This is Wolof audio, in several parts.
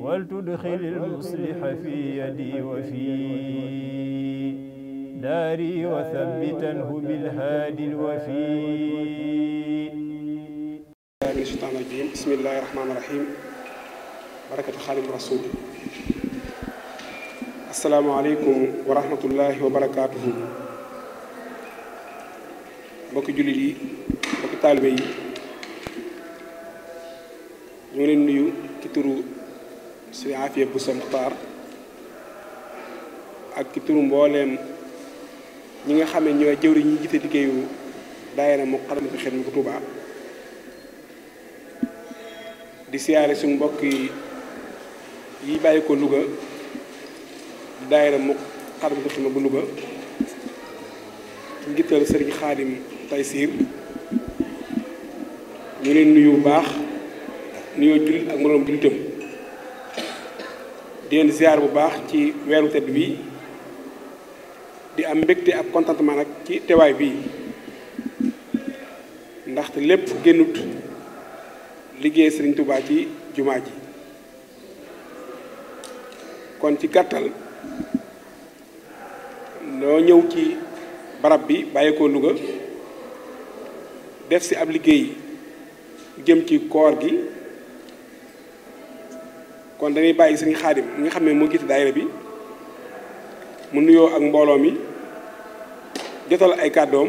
ولتدخل المصلح في يدي وفي داري وثبتنه بالهادي الوفي الشيطان الرجيم بسم الله الرحمن الرحيم بركة خادم رسول السلام عليكم ورحمة الله وبركاته mbokki jullit yi mbokki taalibe yi ñu ngi leen nuyu ci turu suñu Afia Bousso Muxtaar ak ci turu mbooleem ñi nga xam ne ñooy jëwri ñi jiite liggéeyu daayira Moukhaddamatoul Khidma bu Tuubaa di siyaare suñ mbokk yi yi bàyyi ko Louga di daayira Moukhaddamatoul Khidma bu Louga njiital Sëriñ Xaadim Taysiir ñu leen nuyu bu baax nuyoo jullit ak moroom jullitam di leen ziar bu baax ci weeru tedd bii di am mbégte ak contentement nag ci teewaay bii ndaxte lépp génnut liggéey Sëriñ Tuubaa ci jumaa ji kon ci gàttal loo ñëw ci barab bi bàyyi ko Louga def si ab liggéey jëm ci koor gi kon dañuy bàyyi sëñ xaadim mi nga xam ne moo jiite daayira bi mu nuyoo ak mbooloo mi jotal ay kàddoom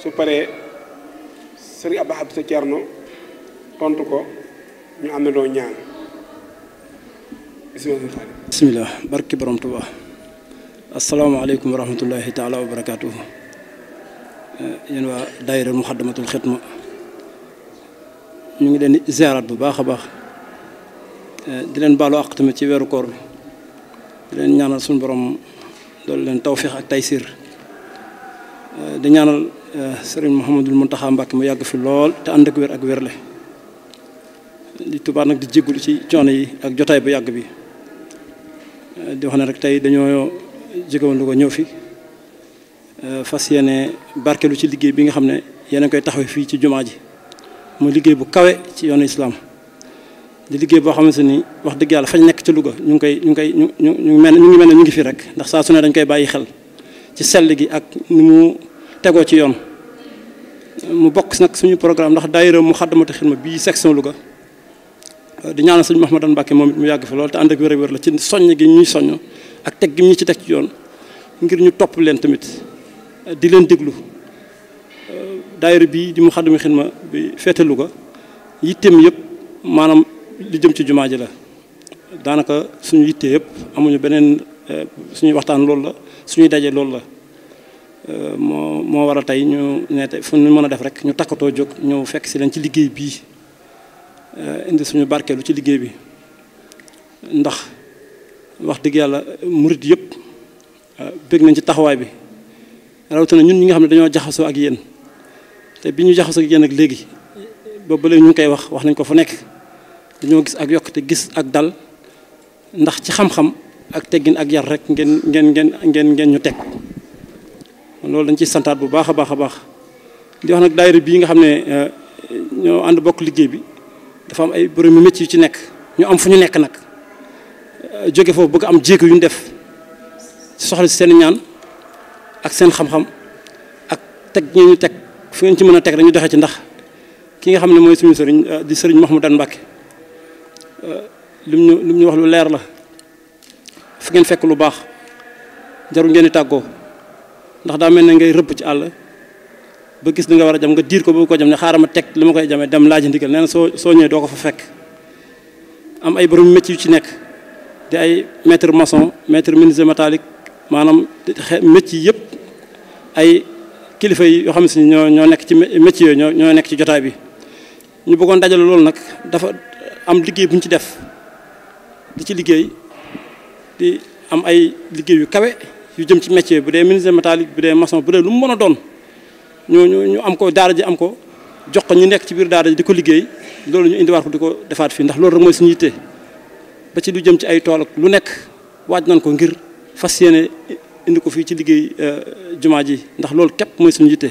su paree sëriñ Abdou Wahab sa Cerno tontu ko ñu am na doo ñaan bismillah bismillah barki borom Tuubaa asalaamaaleykum wa rahmatullahi taala wa barakaatuhu yéen waa daayira muxaddamatul xidma ñu ngi leen di bu baax a baax Eh, di leen baalu àq tamit ci weeru koor bi di leen ñaanal suñu borom doolu leen tawféex ak taysiir eh, di ñaanal eh, sëriñ Mouhamadul Mountakha Mbacké mu yàgg fi lool te ànd ak wér ak wérle di tubaab nag di jéggul ci coono yi ak jotaay bu yàgg bi di wax ne rek tey dañoo jégawoon lu ko ñëw fi fas yéene lu ci liggéey bi nga xam ne yéen a koy taxawee fii ci jumaa ji mu liggéey bu kawe ci yoonu islaam di liggéey boo xamante ni wax dëgg yàlla fañ nekk ci Louga ñu ngi koy ñu ngi koy ñu ñu ñu mel ñu ngi mel ne ñu ngi fi rek ndax saa su ne dañ koy bàyyi xel ci sell gi ak nu mu tegoo ci yoon mu bokk nag suñu programme ndax daayira mu xaddamatu xidma bii section Louga euh, di ñaanal suñu Mahmadan Mbàkke moom it mu yàgg fi loolu te ànd ak wér wér la ci soññ gi ñuy soññ ak teg gi ñu ci teg ci yoon ngir ñu topp leen tamit euh, di leen déglu euh, daayira bii di mu xaddamatu xidma bi féete Louga yitteem yëpp li jëm ci jumaa ji la daanaka suñu yitte yëpp amuñu beneen eh, suñuy waxtaan loolu la suñuy daje loolu la eh, moo moo war a tey ñu ne tey fu ñu mën a def rek ñu takkatoo jóg ñëw fekk si leen ci liggéey bii eh, indi suñu barkeelu ci liggéey bi ndax wax dëgg yàlla murit yëpp bëgg nañ ci taxawaay bi rawatina ñun ñi nga xam ne dañoo jaxasoo ak yéen te bi ñu jaxasoo ak yéen ak léegi boobu ba léegi ñu koy wax wax nañ ko fu nekk dañoo gis ak yokkute gis ak dal ndax ci xam-xam ak teggin ak yar rek ngeen ngeen ngeen ngeen ngeen ñu teg loolu dañ ciy santaat bu baax a baax a baax di wax nag daayira bii nga xam ne euh, ñoo ànd bokk liggéey bi dafa am ay borom yu métier yu ci nekk ñu am fu ñu nekk nag euh, jóge foofu bëgg am jéego yu ñu def soxla si seen ñaan ak seen xam-xam ak teg ñu ñu teg fu ngeen ci mën a teg rek ñu doxee ci ndax ki nga xam ne mooy suñu sëriñ euh, di sëriñ Mouhamadou Mbacke lim ñu lim ñu wax lu leer la fu ngeen fekk lu baax jarul ngeen di tàggoo ndax daa mel ne ngay rëbb ci àll ba gis li nga war a jam nga diir ko ba ko jam ne xaaral ma teg li ma koy jamee dem laaj ndigal nee soo soo ñëwee doo ko fa fekk am ay borom métier yu ci nekk di ay maître maçon maître miniser métallique maanaam métier yëpp ay kilifa yi yoo xam ne ñoo ñoo nekk ci métier yooyu ñoo ñoo nekk ci jotaay bi ñu bëggoon dajale loolu nag dafa am liggéey bu ñu ci def di ci liggéey di am ay liggéeyu kawe yu jëm ci métier bu dee menuisier métallique bu dee mason bu dee lu mu mën a doon ñooñu ñu am ko daara ji am ko jox ko ñu nekk ci biir daara ji di ko liggéey loolu ñu indiwaat ko di ko defaat fii ndax loolu rek mooy suñu yitte ba ci lu jëm ci ay tool ak lu nekk waaj nañ ko ngir fas yéene indi ko fii ci liggéey euh, jumaa ji ndax loolu képp mooy suñu yitte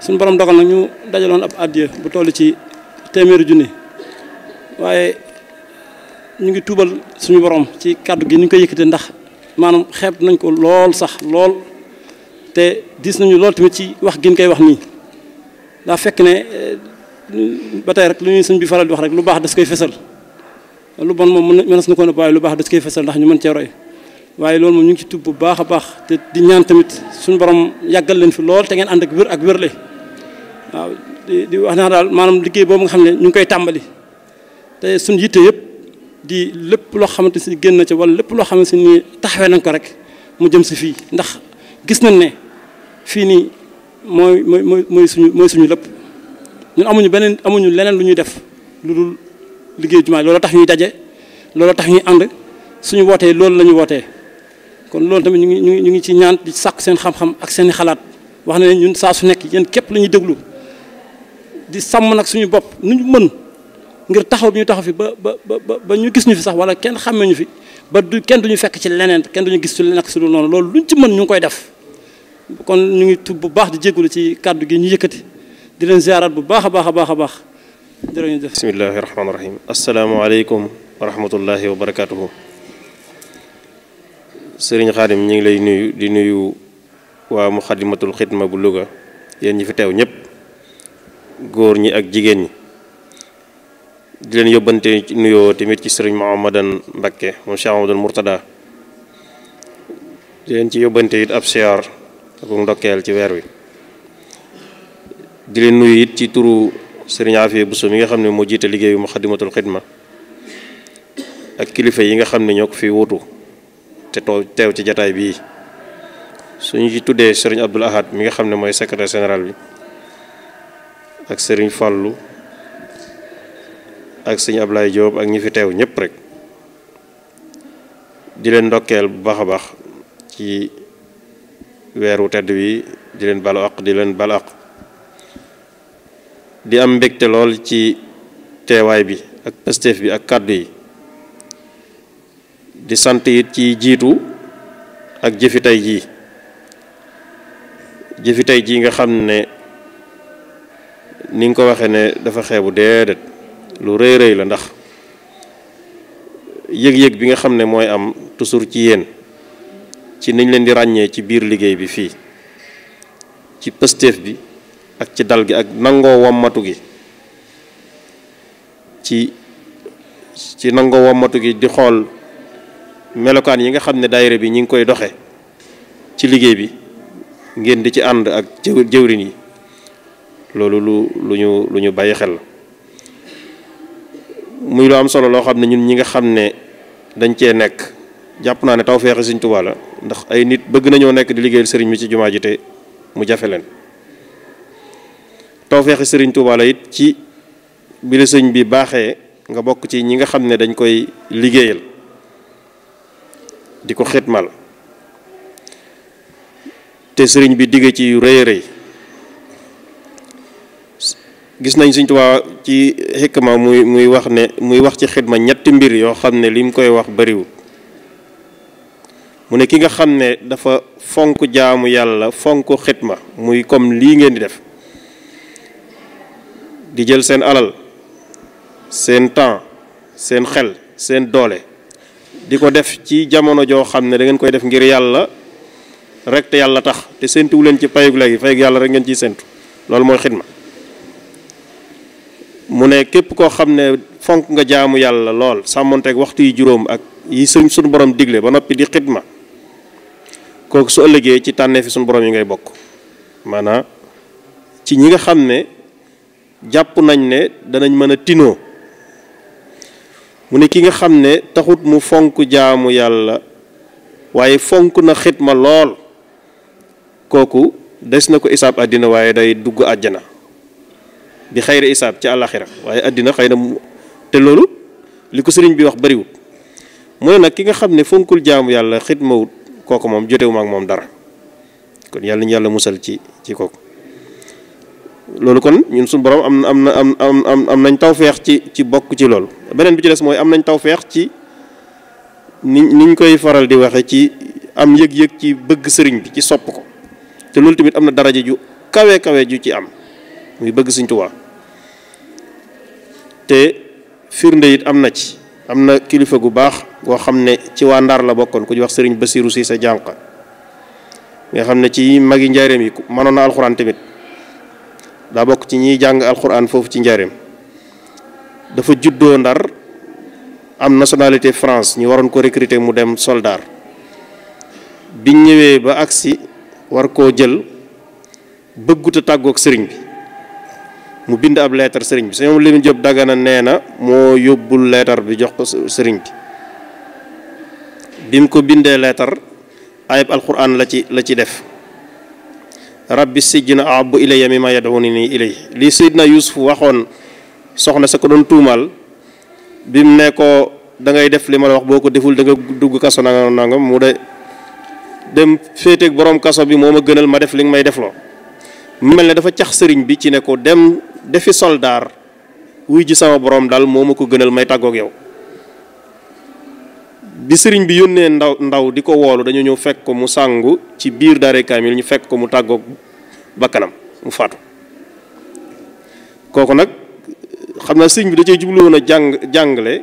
suñ borom dogal nag ñu dajaloon ab addiya bu toll ci téeméeri junni waaye ñu ngi tuubal suñu borom ci kàddu gi ni ñu koy yëkkatee ndax maanaam xeeb nañ ko lool sax lool te dis nañu lool tamit ci wax gin koy wax nii daa fekk ne eh, ba tey rek lu bi faral di wax rek lu baax das koy fesal lu bon moom mënees na ko nëbb waaye lu baax das koy fesal ndax ñu mën cee roy waaye loolu moom ñu ngi ci tub bu baax a baax te di ñaan tamit suñu borom yàggal leen fi lool te ngeen ànd ak wér ak wérle waaw di wax naa daal maanaam liggéey boobu nga xam ne ñu ngi koy tàmbali te suñ yitte yépp di lépp loo xamante si génn ci wala lépp loo si ni taxawee nañ ko rek mu jëm si fii ndax gis nañ ne fii nii mooy mooy mooy suñu mooy suñu lépp ñun amuñu beneen amuñu leneen lu ñuy def lu dul liggéey jumaa loolu tax ñuy daje loolu tax ñuy ànd suñu wootee loolu la ñu wootee kon loolu tamit ñu ngi ñu ngi ñu ngi ci ñaan di sàkku seen xam-xam ak seen i xalaat wax na ne ñun saa su nekk yéen képp la ñuy déglu di sàmm nag suñu bopp nu ñu mën. ngir taxaw bi ñu taxaw fi ba ba ba ñu gis ñu fi sax wala kenn xàmme ñu fi ba du kenn duñu fekk ci leneen kenn duñu gis ci leneen ak su dul noonu loolu luñ ci mën ñu ngi koy def kon ñu ngi tub bu baax di jégalu ci kàddu gi ñu yëkkati di leen ziaraat bu baax a baax a baax a baax jërëjëf bismillahi rahmaani rahim asalaamaaleykum wa rahmatullahi wa barakatuhu sëriñ xaadim ñi ngi lay nuyu di nuyu waa muxadimatul xidma bu Louga yéen ñi fi teew ñëpp góor ñi ak jigéen ñi di leen yóbbante nuyoo tamit ci sëriñ Mouhamadan Mbakke moom Cheikh Mouhamadan Mourtada di leen ci yóbbante it ab siyaar ak um ndokkeel ci weer wi di leen nuyu it ci turu sëriñ Afia Bousso mi nga xam ne moo jiite liggéeyu Moukhaddamatoul Khidma ak kilifa yi nga xam ne ñoo ko fi wutu te too teew ci jataay bii suñu ci tuddee sëriñ Abdoul Ahad mi nga xam ne mooy secrétaire sénéral bi ak sëriñ Fallou ak sëñ Ablaye Diop ak ñu fi teew ñëpp rek di leen ndokkeel bu baax a baax ci weeru tedd wi di leen balu aq di leen balu aq di am mbégte lool ci teewaay bi ak pastef bi ak kàddu yi di sant it ci jiitu ak jëfi tey jii jëfi tey jii nga xam ne ni nga ko waxee ne dafa xeebu déedéet lu rëy rëy la ndax yëg-yëg bi nga xam ne mooy am toujours ci yéen ci niñ leen di ràññee ci biir liggéey bi fii ci pësteef bi ak ci dal gi ak nangoo wammatu gi ci ci nangoo wammatu gi di xool melokaan yi nga xam ne daayira bi ñi ngi koy doxe ci liggéey bi ngeen di ci ànd ak jëwrin yi loolu lu lu ñu lu ñu bàyyi xel la muy lu am solo loo xam ne ñun ñi nga xam ne dañ cee nekk jàpp naa ne tawféex Sëriñ Tuubaa la ndax ay nit bëgg nañoo nekk di liggéeyal sëriñ bi ci jumaa ji te mu jafe leen tawféexi sëriñ Tuubaa it ci bi la sëñ bi baaxee nga bokk ci ñi nga xam ne dañ koy liggéeyal di ko mal te sëriñ bi digge ci yu rëy rëy gis nañ Sëñ Tuubaa ci xikma muy muy wax ne muy wax ci xidma ñetti mbir yoo xam ne li mu koy wax bariwul mu ne ki nga xam ne dafa fonk jaamu yàlla fonk xidma muy comme lii ngeen di def di jël seen alal seen temps seen xel seen doole di ko def ci jamono joo xam ne da ngeen koy def ngir yàlla rek te yàlla tax te séntuwu leen ci payug léegi payug yàlla rek ngeen ciy séntu loolu mooy xidma mu ne képp koo xam ne fonk nga jaamu yàlla lool sàmmonteeg waxtu yi juróom ak yi suñ suñu borom digle ba noppi di ma kooku su ëllëgee ci tànnee fi suñu borom yi ngay bokk maanaam ci ñi nga xam ne jàpp nañ ne danañ mën a tinoo mu ne ki nga xam ne taxut mu fonk jaamu yàlla waaye fonk na ma lool kooku des na ko isaab àddina waaye day dugg àjjana bi xayri isaab ci àllaaxira waaye àddina xëy na te loolu li ko sëriñ bi wax bariwut mu ne nag ki nga xam ne fonkul jaamu yàlla xidmawut kooku moom jotewu ak moom dara kon yàlla ñu yàlla musal ci ci kooku loolu kon ñun suñu borom am na am na am am am nañ tawfeex ci ci bokk ci loolu beneen bi ci des mooy am nañ tawfeex ci ni niñ koy faral di waxe ci am yëg-yëg ci bëgg sëriñ bi ci sopp ko te loolu tamit am na daraja ju kawe kawe ju ci am muy bëgg Sëriñ te firnde it am na ci am na kilifa gu baax goo xam ne ci waa Ndar la bokkoon ku ñu wax sëriñ Basiiru sa jànq nga xam ne ci magi njaareem yi mënoon na alxuraan tamit daa bokk ci ñiy jàng alxuraan foofu ci njaareem dafa juddoo Ndar am nationalité France ñu waroon ko recruter mu dem soldat biñ ñëwee ba agsi war koo jël bëgguta tàggook sëriñ bi mu bind ab leetar sëriñ bi sëñ Amadou Lamine Diop Dagana nee na moo yóbbul leetar bi jox ko sëriñ bi mu ko bindee leetar ayib alquran la ci la ci def rabbi sijjina ahabu ilayya mimma yad'uni nii ilay li Seydina Yuusuf waxoon soxna sa ko doon tuumaal bi mu ne ko da ngay def li ma la wax boo ko deful danga dugg kaso nanga nanga mu de dem féeteeg boroom kaso bi moo ma gënal ma def li may defloo mu mel ne dafa cax sëriñ bi ci ne ko dem defi soldaar wuy ji sama borom daal moo ma ko gënal may tàggook yow bi sëriñ bi yónnee ndaw ndaw di ko woolu dañu ñëw fekk ko mu sàngu ci biir daare kaamil ñu fekk ko mu tàggoog bakkanam mu faatu kooku nag xam naa sëriñ bi da cee jubluwoon a jàng jàngale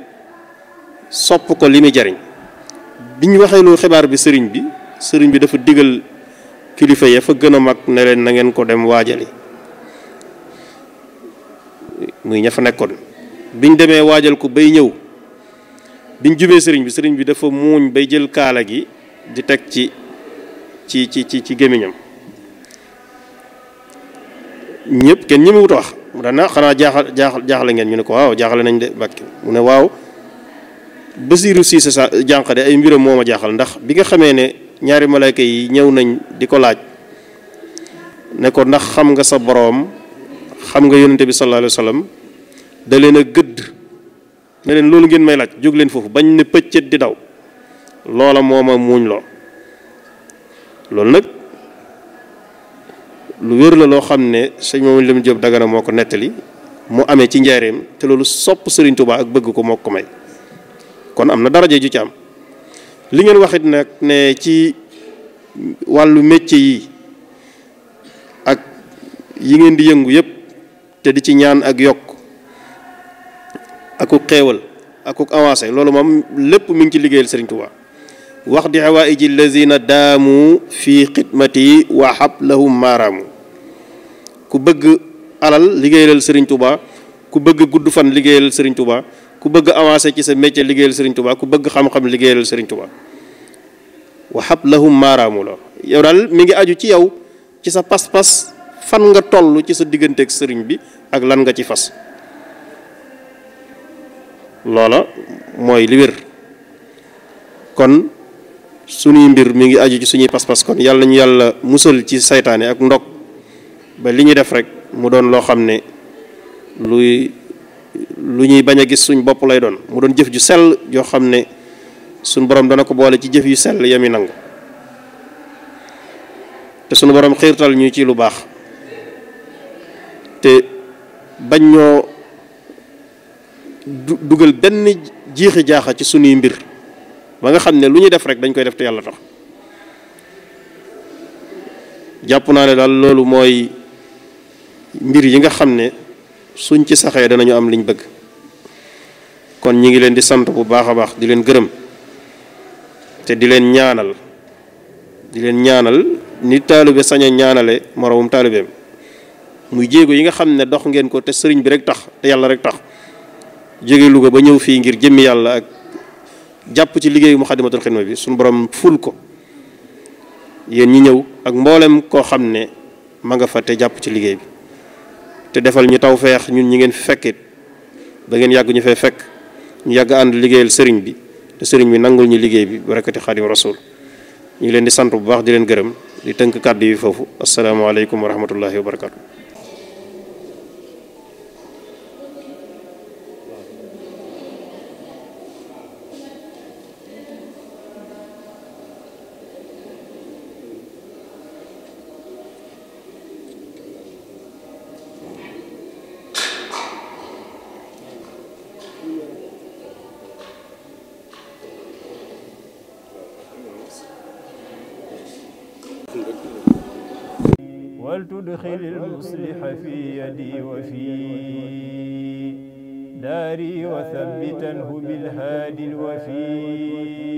sopp ko li muy jariñ bi ñu waxee loolu xibaar bi sëriñ bi sëriñ bi dafa digal kilifa ya fa gën a mag ne leen na ngeen ko dem waajale muy ña fa nekkoon ñu demee waajal ko bay ñëw biñ jubee sëriñ bi sëriñ bi dafa muuñ bay jël kaala gi di teg ci ci ci ci ci gémmiñam ñëpp kenn ñi mu wut wax mu daan na ah, xanaa jaaxal jaaxal jaaxle ngeen ñu ne ko waaw jaaxle nañ de bàkki mu ne waaw Basiiru Siise sa jànq de ay mbiram moo ma jaaxal ndax bi nga xamee ne ñaari malayka yi ñëw nañ di ko laaj ne ko ndax xam nga sa boroom xam nga yonente bi sallallahu alayhi wa sallam da leen a gëdd ne loolu ngeen may laaj jóg leen foofu bañ ne pëccet di daw loola mooma muuñ loo loolu nag lu wér la loo xam ne sëñ moom lim jëb dagana moo ko nettali mu amee ci njaareem te loolu sopp Sëriñ Tuubaa ak bëgg ko moo ko may kon am na daraje ju ci am li ngeen waxit nag ne ci wàllu métier yi ak yi ngeen di yëngu yépp te di ci ñaan ak yokk akuk xéewal akuk avancé loolu moom lépp mi ngi ci liggéeyal Sëriñ Tuubaa wax di xawaaiji lazina daamu fi xidmati wa hablahum maaraamu ku bëgg alal liggéeyal Sëriñ Tuubaa ku bëgg gudd fan liggéeyal Sëriñ Tuubaa ku bëgg avancé ci sa métier liggéeyal Sëriñ Tuubaa ku bëgg xam-xam liggéeyal Sëriñ Tuubaa wa hablahum maaraamu la yow daal mi ngi aju ci yow ci sa pas-pas fan nga tollu ci sa digganteeg sëriñ bi ak lan nga ci fas loola mooy li wér kon suñuy mbir mi ngi aju ci suñuy pas-pas kon yàlla ñu yàlla musal ci seytaane ak ndog ba li ñuy def rek mu doon loo xam ne luy lu ñuy bañ a gis suñ bopp lay doon mu doon jëf ju sell yoo xam ne sunu borom dana ko boole ci jëf yu sell yami nangu te sunu borom xiirtal ñu ci lu baax te bañ ñoo dugal benn jiixi jaaxa ci sunuy mbir ba nga xam ne lu ñu def rek dañ koy def te yàlla tax jàpp naa ne daal loolu mooy mbir yi nga xam ne suñ ci saxee danañu am liñ bëgg kon ñi ngi leen di sant bu baax a baax di leen gërëm te di leen ñaanal di leen ñaanal ni taalibe sañ a ñaanale moroomum taalibeem muy jéego yi nga xam ne dox ngeen ko te sëriñ bi rek tax te yàlla rek tax jóge Louga ba ñëw fii ngir jëmmi yàlla ak jàpp ci liggéeyu Muxaddamatul Xidma suñu borom ful ko yéen ñi ñëw ak mboolem koo xam ne ma nga fa jàpp ci liggéey bi te defal ñu taw feex ñun ñi ngeen fi fekkit ba ngeen yàgg ñu fee fekk ñu yàgg ànd liggéeyal sëriñ bi te sëriñ bi nangul ñu liggéey bi barakati xaadim rasul ñu ngi leen di sant bu baax di leen gërëm di tënk kàddu yi foofu asalaamaaleykum wa rahmatullahi wa barakatu ولتدخل المصلح في يدي وفي داري وثبته بالهادي الوفي